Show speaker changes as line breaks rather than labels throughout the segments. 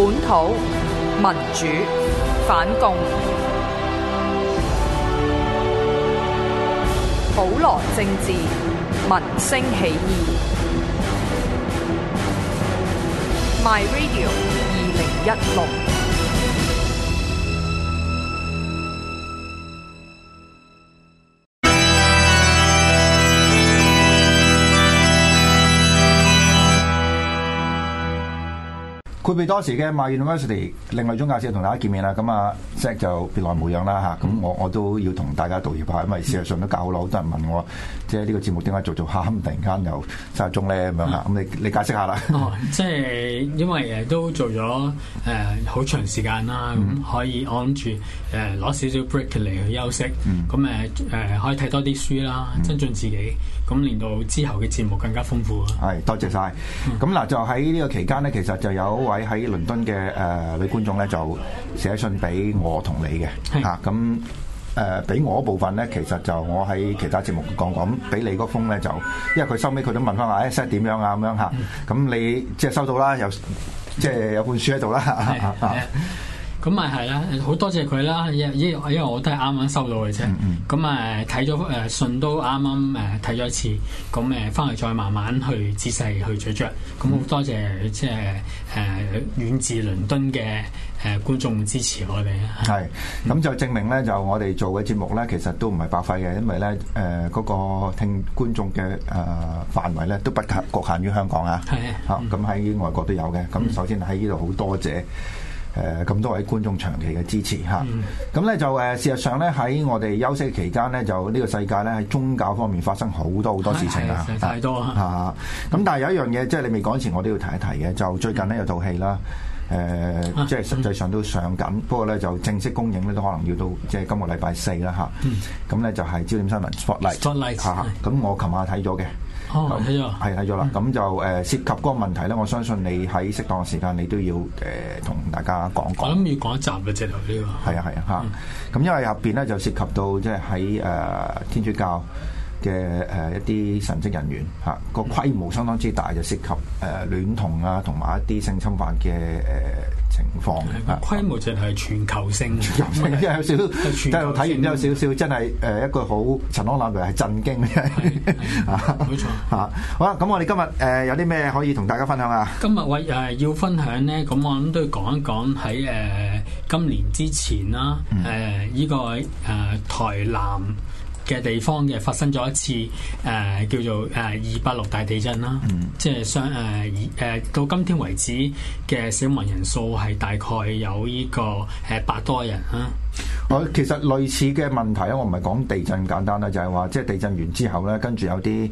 本土民主反共，普羅政治民生起義。My Radio 二零一六。
併備多時嘅 My University，另類宗教史同大家見面啦。咁啊 Zeke 就別來無恙啦嚇。咁、啊、我我都要同大家道歉，嚇，因為事實上都搞好耐，好、嗯、多人問我，即係呢個節目點解做做下，突然間又三中鐘咧咁樣嚇。咁、啊啊啊、你你解釋下啦、 哦。
即係因為誒都做咗誒好長時間啦，咁可以按住誒攞少少 break 嚟去休息。嗯。咁誒誒可以睇多啲書啦，增進自己，咁、嗯、令到之後嘅節目更加豐富咯。
係，多謝晒、嗯。咁嗱，就喺呢個期間咧，其實就有位。倫呃、你喺倫敦嘅誒女觀眾咧就寫信俾我同你嘅吓，咁誒俾我部分咧，其實就我喺其他節目講講，咁俾你嗰封咧就，因為佢收尾佢都問翻下誒，收得點樣啊咁樣吓，咁、啊、的你即係、就是、收到啦，又即係有本書喺度啦。的
咁咪係啦，好多謝佢啦！因因因為我都係啱啱收到嘅啫。咁誒睇咗誒信都啱啱誒睇咗一次，咁誒翻嚟再慢慢去仔細去咀嚼。咁、嗯、好、嗯、多謝即係誒遠自倫敦嘅誒觀眾支持我哋
啊！係咁就證明咧，就我哋做嘅節目咧，其實都唔係白費嘅，因為咧誒嗰個聽觀眾嘅誒範圍咧，都不限侷限於香港啊！係啊！咁、嗯、喺外國都有嘅。咁首先喺呢度好多謝。誒，咁多位觀眾長期嘅支持嚇，咁咧、嗯、就誒事實上咧喺我哋休息期間咧就呢個世界咧喺宗教方面發生好多好多事情是是多啊，太多嚇。咁但係有一樣嘢，即係你未講前，我都要提一提嘅，就最近呢、嗯、有套戲啦，誒、呃，啊、即係實際上都上緊，嗯、不過咧就正式公映咧都可能要到即係今個禮拜四啦吓，咁、啊、咧、嗯、就係《焦點新聞》《Spotlight》嚇。咁我琴晚睇咗嘅。哦，睇咗，係睇咗啦。咁就誒涉及嗰個問題咧，我相信你喺適當嘅時間，你都要誒同大家講講。我
諗要講一集嘅，即係呢個。係、就
是、啊，係啊，嚇！咁因為入邊咧就涉及到即係喺誒天主教嘅誒一啲神職人員嚇，個規模相當之大，就涉及誒戀童啊，同埋一啲性侵犯嘅誒。情況
嘅、嗯、規模就係全球性，即
係有少，即係是我睇完之後有少少真係誒一個好塵埃落定係震驚嘅，冇 錯。嚇， 好啦，咁我哋今日誒有啲咩可以同大家分享啊？
今日我誒、呃、要分享咧，咁我諗都要講一講喺誒、呃、今年之前啦，誒、呃、呢、這個誒、呃、台南。嘅地方嘅發生咗一次誒、呃、叫做誒、呃、二百六大地震啦，嗯、即係相誒誒、呃呃、到今天為止嘅死亡人數係大概有呢、這個誒、呃、百多人啦。
我、啊哦、其實類似嘅問題啊，我唔係講地震簡單啦，就係話即係地震完之後咧，跟住有啲。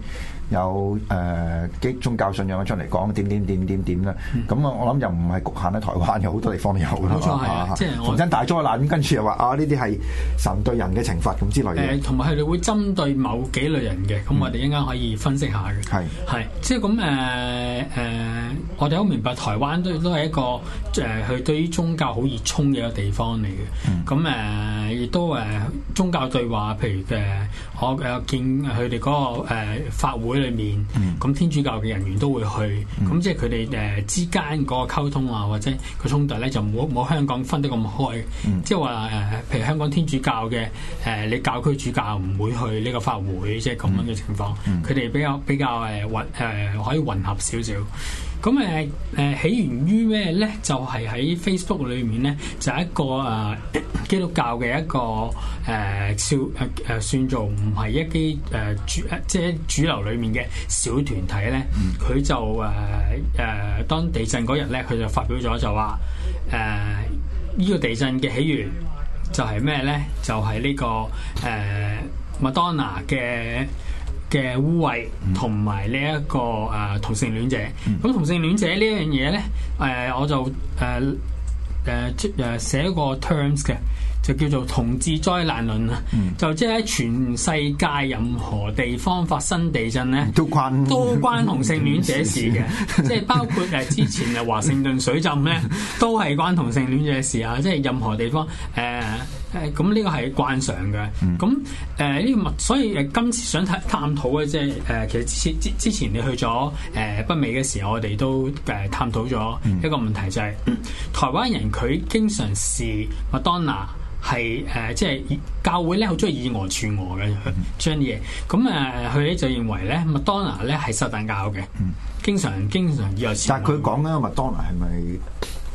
有誒基、呃、宗教信仰出嚟講，點點點點點啦，咁、嗯、我我諗又唔係局限喺台灣，有好多地方有冇、嗯、吧錯、啊啊、即係逢真大災難咁，跟住又話啊呢啲係神對人嘅懲罰，咁之類嘅。
同埋佢哋會針對某幾類人嘅，咁、嗯、我哋一陣間可以分析下嘅。係係是，即係咁誒誒，我哋好明白台灣都都係一個誒，佢、呃、對於宗教好熱衷嘅一個地方嚟嘅。咁誒、嗯，亦、嗯呃、都誒、呃、宗教對話，譬如誒，我誒見佢哋嗰個法會。裏面咁、嗯、天主教嘅人員都會去，咁、嗯、即係佢哋誒之間嗰個溝通啊，或者個衝突咧就唔好香港分得咁開，嗯、即係話誒，譬如香港天主教嘅誒，你、呃、教區主教唔會去呢個法會，即係咁樣嘅情況，佢哋、嗯、比較比較誒混誒可以混合少少。咁誒誒起源於咩咧？就係、是、喺 Facebook 裏面咧，就是、一個誒、呃、基督教嘅一個誒、呃、小誒誒、呃、算做唔係一啲誒、呃、主即係主流裏面嘅小團體咧。佢就誒誒、呃呃、當地震嗰日咧，佢就發表咗就話誒呢個地震嘅起源就係咩咧？就係、是、呢、這個誒麥、呃、當娜嘅。嘅污穢同埋呢一個誒、呃、同性戀者，咁、嗯、同性戀者呢樣嘢咧，誒、呃、我就誒誒誒寫過 terms 嘅，就叫做同志災難論啦，嗯、就即係喺全世界任何地方發生地震咧，都關都關同性戀者的事嘅，即係 包括誒之前誒華盛頓水浸咧， 都係關同性戀者事啊！即係任何地方誒。呃咁呢個係慣常嘅，咁誒呢個物，所以誒今次想探探討嘅即係誒，其實之之之前你去咗誒北美嘅時候，我哋都誒探討咗一個問題，就是，就係、嗯、台灣人佢經常視麥當娜係誒，即係教會咧好中意以訛傳訛嘅將啲嘢，咁誒佢哋就認為咧麥當娜咧係撒旦教嘅，經常經常以後但係佢講
緊麥當娜係咪？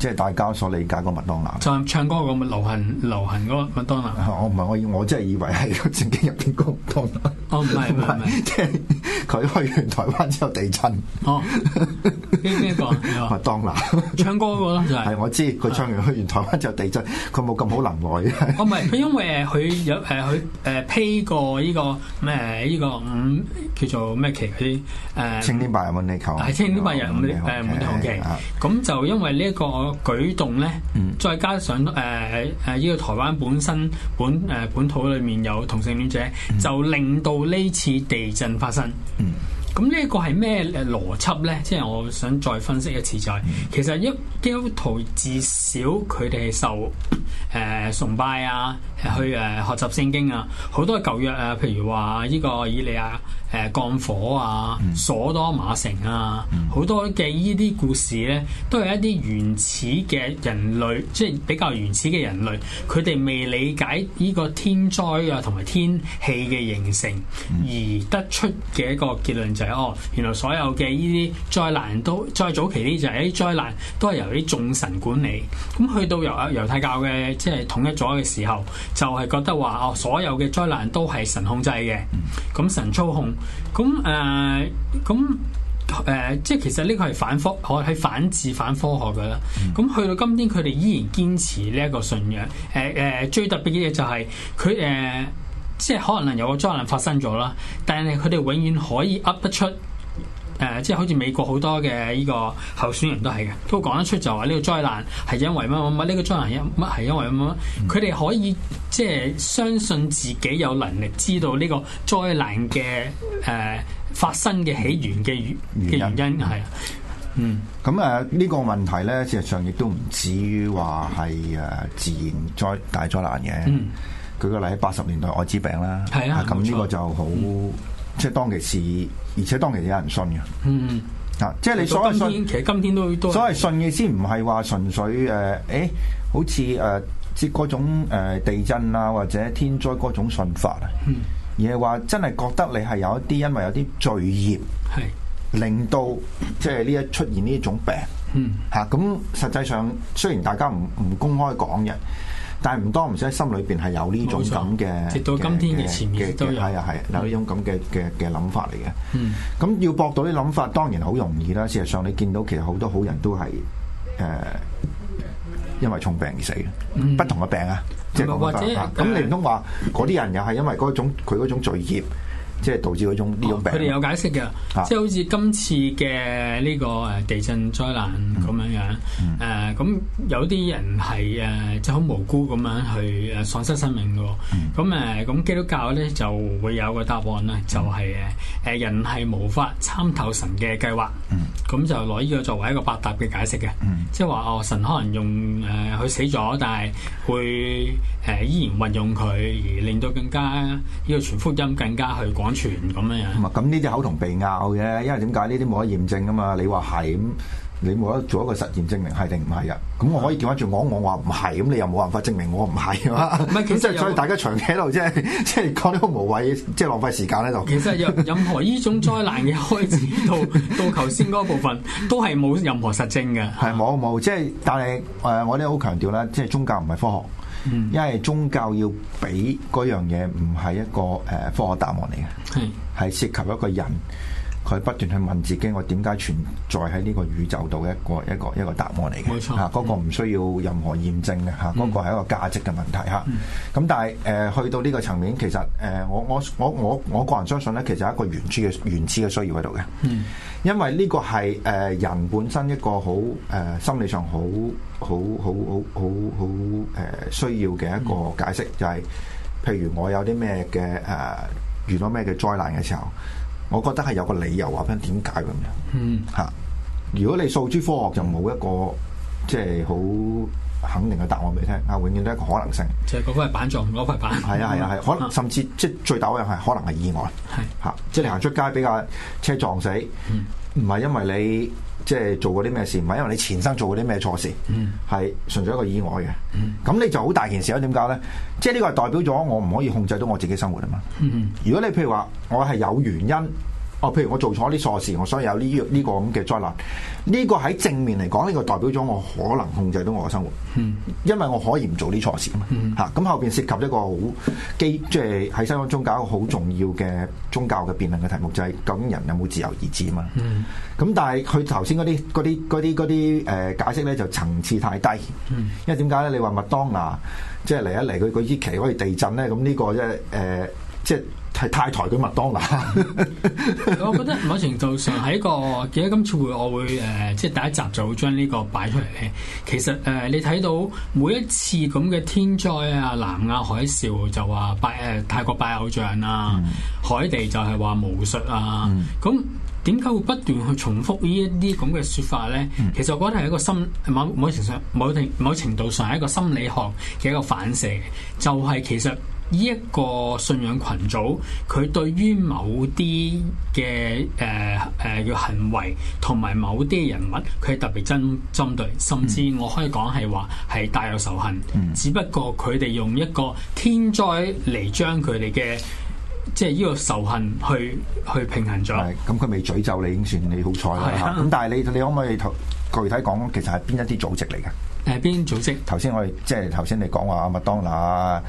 即係大家所理解個麥當娜，
唱唱歌個流行流行嗰麥當娜。
我唔係，我以，我真係以為係正經入邊個麥當哦，唔係唔係，即係佢去完台灣之後地震。哦，呢咩個？哦， 麥當娜唱歌嗰個咯，就係。 係我知佢唱完之後去完台灣就地震，佢冇咁好能耐。哦，
唔係佢因為佢有誒佢誒批過呢個咩呢個五叫做咩旗啲誒青天
白日滿地球。
係青天白日滿誒滿地紅旗。咁、okay, okay, okay, okay. 嗯、就因為呢一個舉動咧，再加上誒誒呢個台灣本身本誒本土裏面有同性戀者，嗯、就令到。呢次地震發生，咁呢個係咩誒邏輯呢？即係我想再分析一次就係、是，其實一基督徒至少佢哋係受誒、呃、崇拜啊，去誒、呃、學習聖經啊，好多舊約啊，譬如話呢個以利亞。誒、呃、降火啊，所多馬城啊，好、嗯、多嘅依啲故事咧，都係一啲原始嘅人類，即係比較原始嘅人類，佢哋未理解呢個天災啊同埋天氣嘅形成，而得出嘅一個結論就係、是、哦，原來所有嘅依啲災難都再早期啲就係啲災難都係由啲眾神管理。咁去到由啊猶太教嘅即係統一咗嘅時候，就係、是、覺得話哦，所有嘅災難都係神控制嘅，咁神操控。咁誒，咁誒、嗯，即係、嗯、其實呢個係反科學，係反智、反科學嘅啦。咁去到今天，佢哋依然堅持呢一個信仰。誒、呃、誒、呃，最特別嘅嘢就係佢誒，即係可能有個災難發生咗啦，但係佢哋永遠可以噏得出。誒、呃，即係好似美國好多嘅呢個候選人都係嘅，都講得出就話呢個災難係因為乜乜乜，呢、呢個災難因乜係因為乜乜，佢哋可以即係相信自己有能力知道呢個災難嘅誒、呃、發生嘅起源嘅嘅原因係。因是嗯，
咁誒呢個問題咧，事實上亦都唔至於話係誒自然災大災難嘅。嗯，舉個例喺八十年代愛滋病啦，係、嗯、啊，咁呢個就好。錯即係當其時，而且當其時有人信嘅。嗯，吓，即係你所謂信，其實今天都所謂信嘅先唔係話純粹誒，誒、呃哎，好似誒、呃、接嗰種誒、呃、地震啊或者天災嗰種信法啊，嗯，而係話真係覺得你係有一啲因為有啲罪孽係是令到即係呢一出現呢一種病，嗯，吓、啊，咁實際上雖然大家唔唔公開講嘅。但係唔多唔少喺心裏邊係有呢種咁嘅，直到今天嘅的前言都有這這，係啊有呢種咁嘅嘅嘅諗法嚟嘅。嗯，咁要博到啲諗法，當然好容易啦。事實上，你見到其實好多好人都係誒、呃，因為重病而死嘅，嗯、不同嘅病啊，即係講緊啊。咁你唔通話嗰啲人又係因為嗰佢嗰種罪孽？即係導致嗰種呢種病，佢哋、哦、有
解釋嘅，啊、即係好似今次嘅呢個誒地震災難咁樣樣，誒咁有啲人係誒就好無辜咁樣去誒喪失生命嘅，咁誒咁基督教咧就會有個答案咧，嗯、就係誒誒人係無法參透神嘅計劃，咁、嗯嗯嗯、就攞呢個作為一個百搭嘅解釋嘅，嗯嗯、即係話哦神可能用誒佢、呃、死咗，但係會誒、呃、依然運用佢而令到更加呢個傳福音更加去講。咁
嘅嘢，係咁呢啲口同鼻拗嘅，因為點解呢啲冇得驗證噶嘛？你話係咁，你冇得做一個實驗證明係定唔係啊？咁我可以叫翻住我，我話唔係，咁你又冇辦法證明我唔係啊嘛？唔係，咁即係再大家長期喺度，即係即係講啲好無謂，即係浪費時間咧就。其實
有任何呢種災難嘅開始到到頭先嗰部分，都係冇任何實證嘅。係冇、嗯，冇，即係但
係誒、呃，我哋好強調啦，即係宗教唔係科學。因為宗教要俾嗰樣嘢，唔係一個誒科學答案嚟嘅，係是涉及一個人。佢不斷去問自己：我點解存在喺呢個宇宙度嘅一個一個一個答案嚟嘅？冇錯，嗰、啊那個唔需要任何驗證嘅嚇，嗰、嗯啊那個係一個價值嘅問題嚇。咁、嗯啊、但係誒、呃、去到呢個層面，其實誒、呃、我我我我我個人相信咧，其實係一個原始嘅原始嘅需要喺度嘅。嗯，因為呢個係誒、呃、人本身一個好誒、呃、心理上好好好好好好誒需要嘅一個解釋，就係、是、譬如我有啲咩嘅誒遇到咩嘅災難嘅時候。我覺得係有個理由話翻點解咁樣嚇，嗯、如果你數珠科學就冇一個即係好，就是肯定嘅答案俾你聽，啊，永遠都係一個可能性。就
係嗰塊板撞，嗰塊板係 啊
係啊係，可能甚至即係最大嘅係可能係意外，係吓是，是即係你行出街俾架車撞死，唔係、嗯、因為你即係做過啲咩事，唔係因為你前生做過啲咩錯事，係純粹一個意外嘅。咁、嗯、你就好大件事咯？點解咧？即係呢個係代表咗我唔可以控制到我自己生活啊嘛。嗯、如果你譬如話我係有原因。哦，譬如我做錯啲錯事，我所以有呢、這、呢個咁嘅、這個、災難。呢、這個喺正面嚟講，呢、這個代表咗我可能控制到我嘅生活。嗯，因為我可以唔做啲錯事啊嘛。嚇、嗯，咁、啊、後邊涉及一個好基，即係喺西方宗教一個好重要嘅宗教嘅辯論嘅題目，就係、是、究竟人有冇自由意志啊？嘛、嗯嗯。嗯。咁、嗯、但係佢頭先嗰啲啲啲啲誒解釋咧，就、呃、層次太低。嗯、因為點解咧？你話麥當娜即係嚟一嚟，佢佢依期可以地震咧，咁呢、這個、呃呃、即係誒、呃、即係。係太抬舉麥當娜
我覺得某程度上喺一個，記得今次會，我會誒、呃，即係第一集就會將呢個擺出嚟咧。其實誒、呃，你睇到每一次咁嘅天災啊、南亞海嘯就話拜誒、呃、泰國拜偶像啦、啊，嗯、海地就係話巫術啊。咁點解會不斷去重複呢一啲咁嘅説法咧？嗯、其實我覺得係一個心某某程度上，某定某程度上係一個心理學嘅一個反射，就係、是、其實，呢一個信仰群組，佢對於某啲嘅誒誒嘅行為同埋某啲人物，佢係特別針針對，甚至我可以講係話係帶有仇恨。嗯、只不過佢哋用一個天災嚟將佢哋嘅即係呢個仇恨去去平衡咗。咁佢未詛
咒你已經算你好彩啦。咁、啊啊、但係你你可唔可以具體講，其實係邊一啲組織嚟嘅？誒，邊、呃、組織？頭先我哋即係頭先你講話阿麥當娜，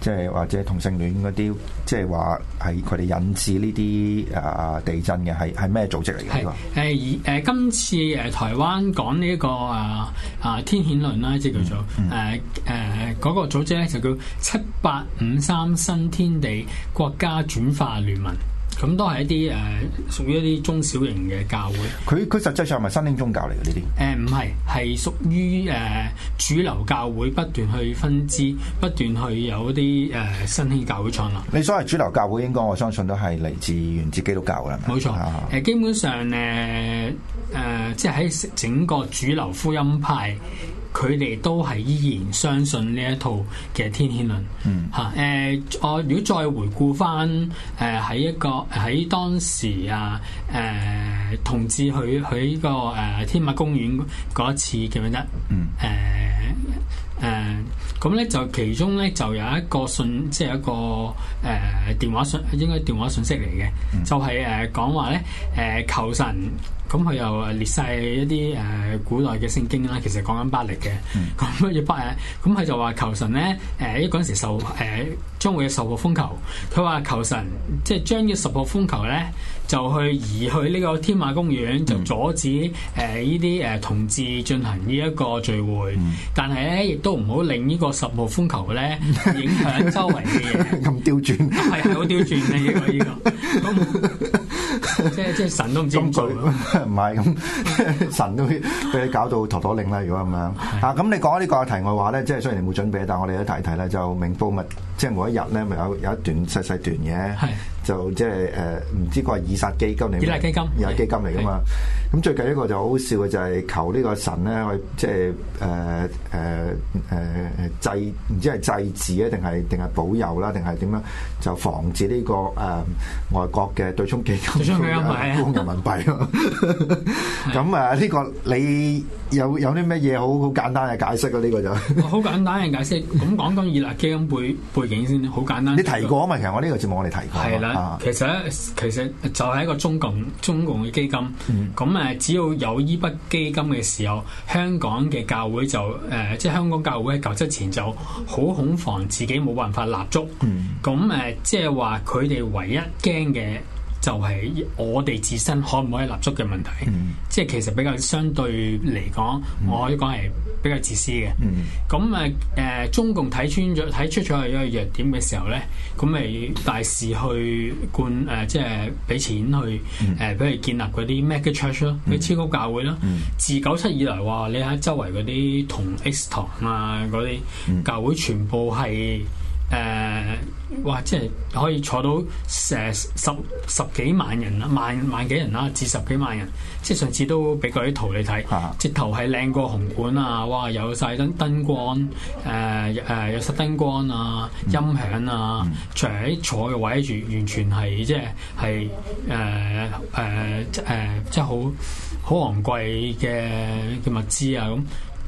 即係或者同性戀嗰啲，即係話係佢哋引致呢啲誒地震嘅，係係咩組織嚟嘅？係誒，
而、呃、誒今次誒台灣講呢個啊啊、呃、天譴論啦，即係叫做誒誒嗰個組織咧就叫七八五三新天地國家轉化聯盟。咁、嗯、都係一啲誒、呃、屬於一啲中小型嘅教會。
佢佢實際上係咪新興宗教嚟嘅呢啲。
誒唔係，係、呃、屬於誒、呃、主流教會不斷去分支，不斷去有一啲誒、呃、新興教會創立。
你所謂主流教會，應該我相信都係嚟自源自基督教嘅啦。冇錯，誒是、
呃、基本上誒誒、呃呃，即係喺整個主流福音派。佢哋都係依然相信呢一套嘅天天論，嚇誒、嗯啊呃！我如果再回顧翻誒喺一個喺、呃、當時啊誒、呃，同志去去個誒、呃、天馬公園嗰一次記唔記得？誒誒、嗯，咁咧、呃呃、就其中咧就有一個信，即、就、係、是、一個誒、呃、電話信，應該電話信息嚟嘅，嗯、就係、是、誒、呃、講話咧誒、呃、求神。咁佢、嗯嗯、又列晒一啲誒、呃、古代嘅聖經啦，其實講緊巴力嘅，講乜嘢巴誒？咁佢就話求神咧，誒嗰陣時受誒、呃、將會有十號風球。佢話求神，即係將呢十號風球咧，就去移去呢個天馬公園，就阻止誒呢啲誒同志進行呢一個聚會。但係咧，亦都唔好令呢個十號風球咧影響周圍嘅嘢
咁刁轉。係係好刁轉嘅呢
個呢個。這個即係即係神都
唔知咁罪，唔係咁神都俾你搞到陀陀令啦。如果咁樣， 啊咁、嗯、你講呢個題外話咧，即係雖然你冇準備，但係我哋都提一提啦。就明報物，即係每一日咧，咪有有一段細細段嘅。 就即係誒，唔、呃、知佢係以撒基金嚟，以撒基金，以撒基金嚟噶嘛？咁 Okay.、嗯、最近一個就好笑嘅就係求呢個神咧，即係誒誒誒祭，唔、呃呃、知係祭祀啊，定係定係保佑啦，定係點樣就防止呢、這個誒、呃、外國嘅對沖基金沽人民幣咯？咁 啊，呢、這個你。有有啲咩嘢好好簡單嘅解釋啊？呢、這個就，
好 簡單嘅解釋，咁講講熱辣基金背背景先，好簡單。你提過啊嘛，這個、其實我呢個節目我哋提過。係啦的、啊，其實其實就係一個中共中共嘅基金，咁誒、嗯，只要有呢筆基金嘅時候，香港嘅教會就誒、呃，即係香港教會喺九七前就好恐防自己冇辦法立足。咁誒、嗯呃，即係話佢哋唯一驚嘅。就係我哋自身可唔可以立足嘅問題，嗯、即係其實比較相對嚟講，嗯、我可以講係比較自私嘅。咁誒誒，中共睇穿咗睇出咗佢一個弱點嘅時候咧，咁咪大肆去灌誒、呃，即係俾錢去誒，譬、嗯呃、如建立嗰啲 mega church 啦，啲、嗯、超級教會啦。嗯、自九七以嚟話，你喺周圍嗰啲同 X 堂啊嗰啲、嗯、教會全部係。誒、呃，哇！即係可以坐到誒、呃、十十幾萬人啦，萬萬幾人啦，至十幾萬人。即上次都俾過啲圖你睇，直、啊、頭係靚過紅館啊！哇，有晒燈燈光，誒、呃、誒有晒燈光啊，音響啊，嗯、除喺坐嘅位，完完全係即係係誒誒誒，即係好好昂貴嘅嘅物資啊咁。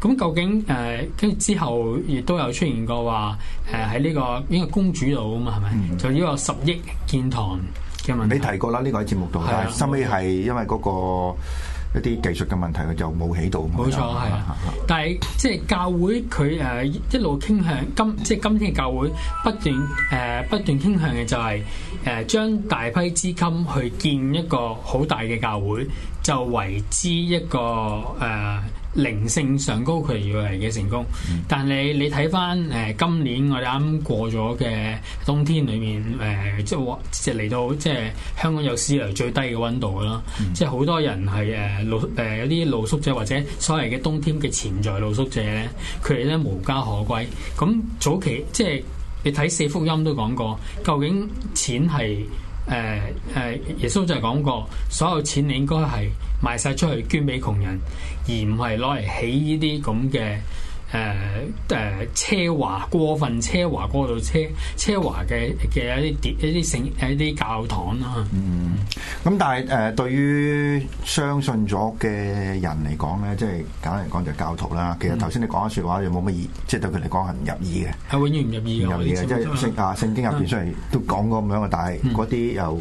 咁究竟誒跟住之後，亦都有出現過話誒喺呢個呢個公主度啊嘛，係咪？嗯、就要有十億建堂嘅問題。你提過啦，呢、呢個喺節目度，但係收
尾係因為嗰個一啲技術嘅問題，佢就冇起到。冇錯，係。
但係即係教會佢誒一路傾向今即係今天嘅教會不斷誒、呃、不斷傾向嘅就係、是、誒、呃、將大批資金去建一個好大嘅教會，就為之一個誒。呃呃靈性上高佢要嚟嘅成功，但係你睇翻誒今年我哋啱過咗嘅冬天裏面誒、呃，即係即嚟到即係香港有史以嚟最低嘅溫度啦。嗯、即係好多人係誒露誒、呃、有啲露宿者或者所謂嘅冬天嘅潛在露宿者咧，佢哋咧無家可歸。咁早期即係你睇《四福音》都講過，究竟錢係？誒誒，耶穌就係講過，所有錢你應該係賣晒出去捐俾窮人，而唔係攞嚟起呢啲咁嘅。誒誒、呃、奢華過分奢華過度，奢奢華嘅嘅一啲一啲聖一啲教堂啦、啊，
咁、嗯、但係誒、呃、對於相信咗嘅人嚟講咧，即係簡單嚟講就係教徒啦。其實頭先你講嘅説話、嗯、有冇乜意義，即係對佢嚟講係唔入意嘅，
係、啊、永遠唔入意嘅，啊、即係聖啊
聖經入邊雖然都講過咁樣，嗯、但係嗰啲又。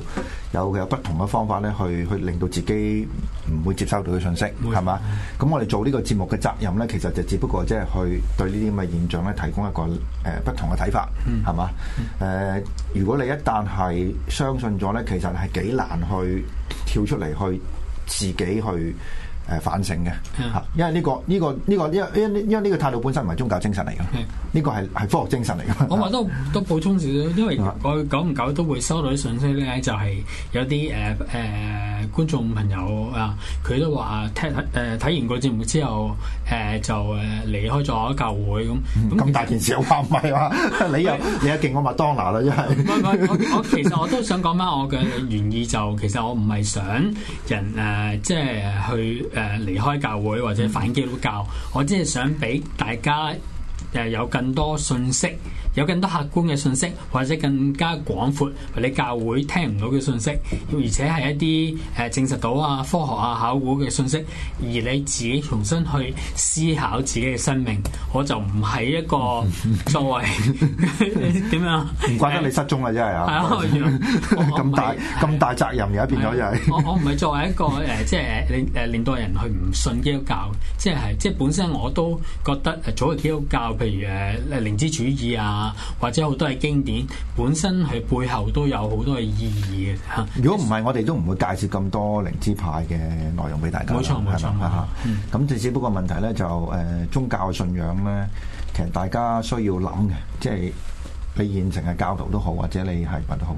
有嘅有不同嘅方法咧，去去令到自己唔會接收到嘅信息，係嘛會？咁我哋做呢個節目嘅責任咧，其實就只不過即係去對呢啲咁嘅現象咧，提供一個誒、呃、不同嘅睇法，係嘛、嗯？誒、呃，如果你一旦係相信咗咧，其實係幾難去跳出嚟去自己去。誒，反省嘅嚇，因為呢、呢個呢、嗯呢個呢、呢個，因為因為因為呢個
態度本身唔係宗教精神嚟㗎，呢個係係科學精神嚟㗎。我話都都補充少少，因為我久唔久都會收到啲信息咧，就係、是、有啲誒誒觀眾朋友啊，佢都話啊，聽睇、呃、完個節目之後，誒、呃、就誒離開咗教會咁。咁大件
事又話咪係話，我啊、 你又是的 你又勁是的 過麥當娜啦，因為。
我其實我都想講翻我嘅原意，就 其實我唔係想，想人誒，即係、啊呃呃、去，去。誒、呃、離開教會或者反基督教，嗯、我只係想俾大家誒、呃、有更多信息。有更多客觀嘅信息，或者更加廣闊，或你教會聽唔到嘅信息，而且係一啲誒證實到啊科學啊考古嘅信息，而你自己重新去思考自己嘅生命，我就唔係一個作為點 樣，唔怪得你失蹤啦，真係啊！
咁 大咁 大責任而家變咗就係。
我我唔係作為一個誒，即係誒令令到人去唔信基督教，就是就是、即係即係本身我都覺得早嘅基督教，譬如誒靈知主義啊。或者好多係經典，本身佢背後都有好多嘅意義嘅吓。啊、
如果唔係，其實 我哋都唔會介紹咁多靈知派嘅內容俾大家。冇錯，冇錯，冇錯。咁只只不過問題咧就誒、呃，宗教信仰咧，其實大家需要諗嘅，即係你現成嘅教導都好，或者你係乜都好。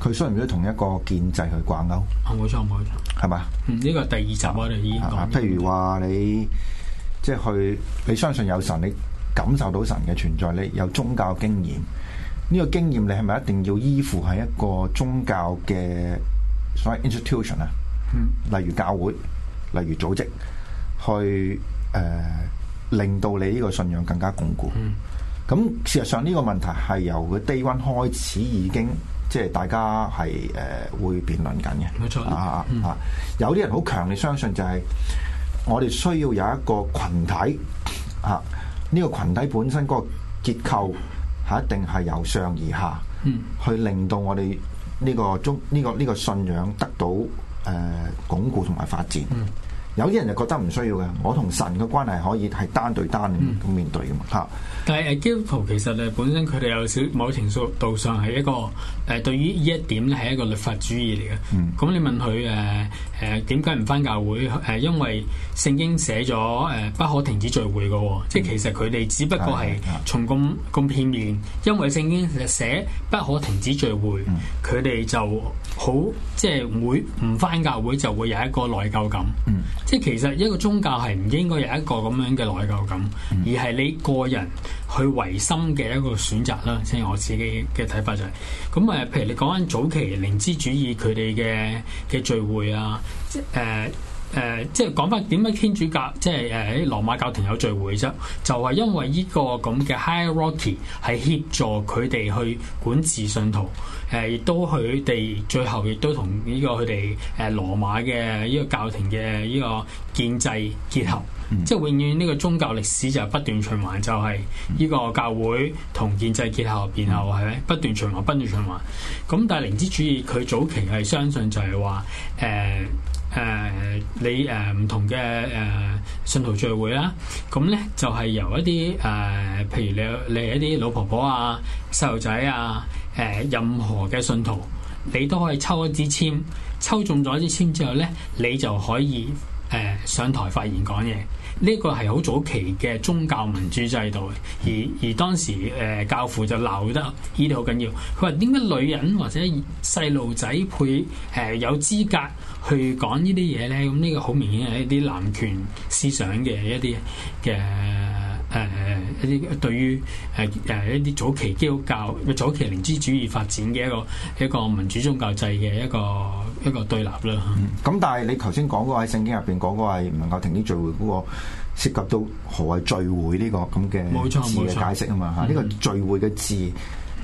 佢需唔需要同一個建制去掛鈎？
冇錯、啊，冇錯，係嘛？呢個吧、嗯、第二集我哋已經、嗯。譬
如話你即係去，你相信有神，你。感受到神嘅存在呢，有宗教經驗。呢、這個經驗你係咪一定要依附喺一個宗教嘅所謂 institution 啊？嗯、例如教會，例如組織去誒、呃、令到你呢個信仰更加鞏固。嗯。咁事實上呢個問題係由 day one 開始已經即係大家係誒、呃、會辯論緊嘅。冇錯。嗯、啊啊！有啲人好強烈相信就係我哋需要有一個群體啊。呢個群體本身嗰個結構係一定係由上而下，嗯、去令到我哋呢、呢個中呢、呢個呢、呢個信仰得到誒、呃、鞏固同埋發展。嗯。有啲人就覺得唔需要嘅，我同神嘅關係可以係單對單咁面對嘅嘛嚇、嗯。
但係基督徒其實誒本身佢哋有少某程度上係一個誒、呃、對於呢一點咧係一個律法主義嚟嘅。咁、嗯、你問佢誒誒點解唔返教會？誒、呃、因為聖經寫咗誒、呃、不可停止聚會嘅喎、哦，即係其實佢哋只不過係從咁咁、嗯、片面，因為聖經其實寫不可停止聚會，佢哋、嗯、就好即係會唔返教會就會有一個內疚感。嗯即係其實一個宗教係唔應該有一個咁樣嘅內疚感，嗯、而係你個人去唯心嘅一個選擇啦。正、就、如、是、我自己嘅睇法就係咁誒，譬如你講緊早期靈知主義佢哋嘅嘅聚會啊，即係誒即係講翻點解天主教即係誒喺羅馬教廷有聚會啫、啊？就係、是、因為呢個咁嘅 Hierarchy 係協助佢哋去管治信徒。誒亦都佢哋最後亦都同呢個佢哋誒羅馬嘅呢個教廷嘅呢個建制結合，嗯、即係永遠呢個宗教歷史就係不斷循環，就係、是、呢個教會同建制結合然後係咪不斷循環不斷循環？咁但係靈知主義佢早期係相信就係話誒。呃誒、呃、你誒唔、呃、同嘅誒、呃、信徒聚會啦，咁咧就係、是、由一啲誒、呃，譬如你你係一啲老婆婆啊、細路仔啊、誒、呃、任何嘅信徒，你都可以抽一支簽，抽中咗一支簽之後咧，你就可以誒、呃、上台發言講嘢。呢個係好早期嘅宗教民主制度，而而當時誒、呃、教父就鬧得呢度好緊要。佢話：點解女人或者細路仔配誒、呃、有資格？去講呢啲嘢咧，咁呢個好明顯係一啲男權思想嘅一啲嘅誒一啲對於誒誒、呃、一啲早期基督教、早期靈知主義發展嘅一個一個民主宗教制嘅一個一個對立啦，咁、嗯、但係你
頭先講過喺聖經入邊講過係唔能夠停止聚會，嗰個涉及到何謂聚會，呢個咁嘅字嘅解釋啊嘛嚇，呢冇錯、嗯、個聚會嘅字。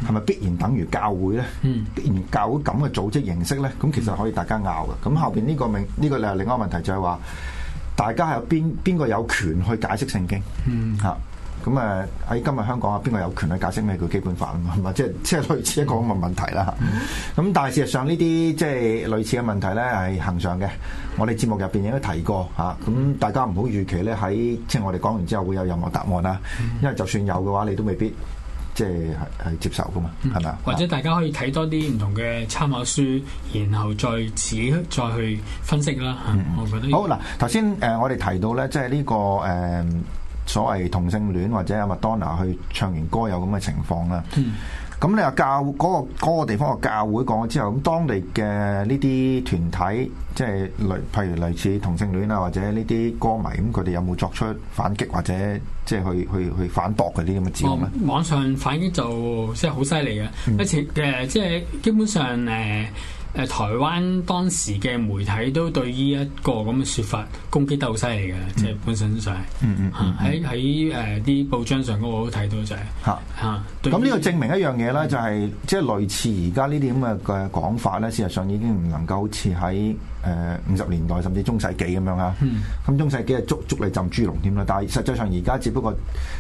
係咪必然等於教會咧？嗯、必然教會咁嘅組織形式咧？咁其實可以大家拗嘅。咁後邊呢個明呢、這個另另外問題就係話，大家係有邊邊個有權去解釋聖經？吓，咁誒喺今日香港啊，邊個有權去解釋咩叫基本法？係咪即係即係類似一個咁嘅問題啦？咁、嗯啊、但係事實上呢啲即係類似嘅問題咧係恆常嘅。我哋節目入邊應該提過吓，咁、啊、大家唔好預期咧喺即係我哋講完之後會有任何答案啦。因為就算有嘅話，你都未必。即係係係接受噶嘛，係咪啊？吧
或者大家可以睇多啲唔同嘅參考書，然後再自己再去分析啦。我覺得好，
嗱，頭先誒我哋提到咧，即係呢個誒所謂同性戀或者阿麥當娜去唱完歌有咁嘅情況啦。嗯咁、嗯、你話教嗰、嗰個、嗰個地方嘅教會講咗之後，咁當地嘅呢啲團體，即係類譬如類似同性戀啊，或者呢啲歌迷，咁佢哋有冇作出反擊或者即係去去去反駁嗰啲咁嘅字眼咧？
網上反擊就真係好犀利嘅，一次嘅即係、嗯、基本上誒。呃誒台灣當時嘅媒體都對於一個咁嘅説法攻擊得好犀利嘅，即係、嗯、本身上、就是嗯，嗯嗯，喺喺誒啲報章上我都睇到就係嚇
嚇。咁呢個證明一樣嘢啦，就係、是、即係類似而家呢啲咁嘅嘅講法咧，事實上已經唔能夠好似喺誒五十年代甚至中世紀咁樣啊。咁、嗯、中世紀係捉捉你浸豬籠添啦，但係實際上而家只不過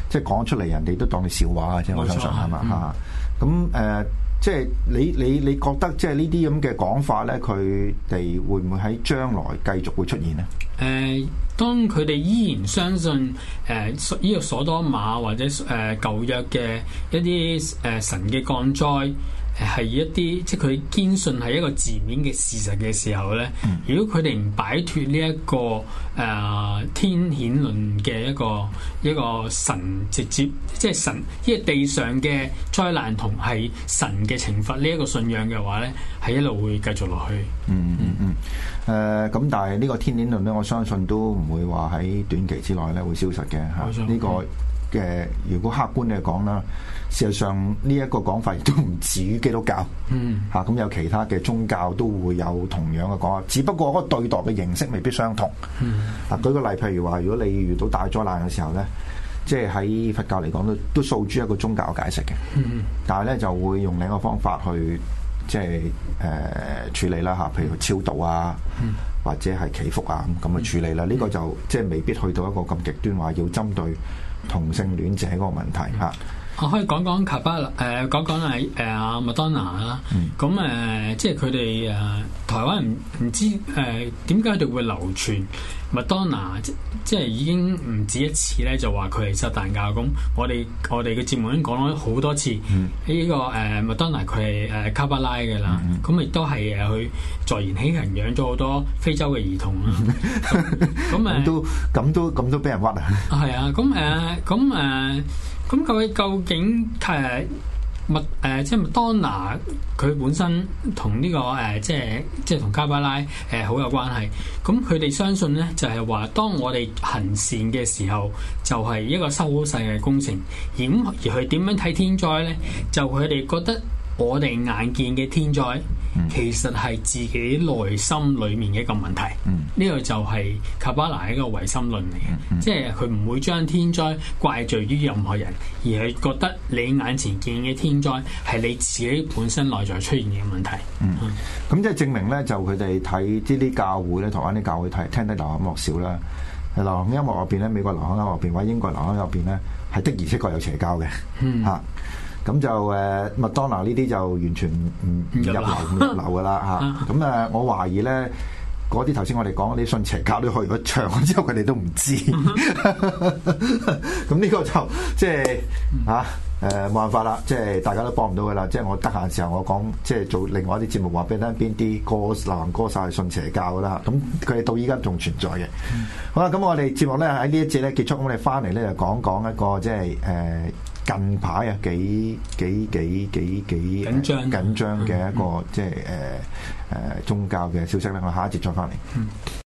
即係講出嚟，人哋都當你笑話嘅。冇錯，我相信係嘛嚇。咁誒。嗯嗯即係你你你覺得即係呢啲咁嘅講法咧，佢哋會唔會喺將來繼續會出現呢？
誒、呃，當佢哋依然相信誒，依、呃、個所多瑪或者誒、呃、舊約嘅一啲誒、呃、神嘅降災。係一啲即係佢堅信係一個字面嘅事實嘅時候咧，嗯、如果佢哋唔擺脫呢、這個呃、一個誒天譴論嘅一個一個神直接，即係神即係地上嘅災難同係神嘅懲罰呢一個信仰嘅話咧，係一路會繼續落去。
嗯嗯嗯。誒、嗯、咁、嗯嗯呃，但係呢個天譴論咧，我相信都唔會話喺短期之內咧會消失嘅嚇。呢錯、啊這個嘅、呃、如果客觀嚟講啦。事實上，呢一個講法亦都唔止於基督教，嗯，嚇咁、啊、有其他嘅宗教都會有同樣嘅講法，只不過嗰個對待嘅形式未必相同。嗯，嗯啊舉個例，譬如話，如果你遇到大災難嘅時候咧，即係喺佛教嚟講都都訴諸一個宗教解釋嘅，嗯嗯，但係咧就會用另一個方法去即係誒、呃、處理啦嚇，譬如超度啊，嗯、或者係祈福啊咁咁去處理啦。呢、嗯這個就即係未必去到一個咁極端話，要針對同性戀者嗰個問題嚇。
我可以講講卡巴拉，誒講講係誒阿麥當娜啦。咁誒，即係佢哋誒台灣唔唔知誒點解佢會流傳麥當娜，即即係已經唔止一次咧，就話佢係撒旦教。咁我哋我哋嘅節目已經講咗好多次，喺呢個誒麥當娜佢係誒卡巴拉嘅啦。咁亦都係誒佢在然起人養咗好多非洲嘅兒童啦。
咁都咁都咁都俾人屈啊！
係啊，咁誒咁誒。咁佢究竟誒麥誒即係麥當娜佢本身同呢、這個誒、呃、即係即係同卡巴拉誒好、呃、有關係。咁佢哋相信咧，就係、是、話當我哋行善嘅時候，就係、是、一個收好世嘅工程。而咁而去點樣睇天災咧？就佢哋覺得我哋眼見嘅天災。其實係自己內心裡面嘅一個問題，呢、嗯、個就係卡巴拉一個唯心論嚟嘅，嗯嗯、即係佢唔會將天災怪罪於任何人，而係覺得你眼前見嘅天災係你自己本身內在出現嘅問題。
嗯，咁、嗯、即係證明咧，就佢哋睇呢啲教會咧，台灣啲教會睇聽得流行音樂少啦，流行音樂入邊咧，美國流行音樂入邊或者英國流行音樂入邊咧，係的而且確有邪教嘅。嗯， 咁就誒，麥當娜呢啲就完全唔唔入流唔入流噶啦嚇。咁誒、 啊，我懷疑咧，嗰啲頭先我哋講啲信邪教都去咗場之後，佢哋都唔知。咁呢個就即係嚇誒冇辦法啦，即係大家都幫唔到噶啦。即係我得閒時候，我講即係做另外一啲節目，話俾你聽邊啲歌流行歌手係信邪教噶啦。咁佢哋到依家仲存在嘅。 好啦，咁我哋節目咧，喺呢一節咧結束，咁我哋翻嚟咧就講一講一個即係誒。就是呃近排啊，幾幾幾幾幾緊張、呃、緊張嘅一個、嗯、即係誒誒宗教嘅消息咧，我下一節再翻嚟。嗯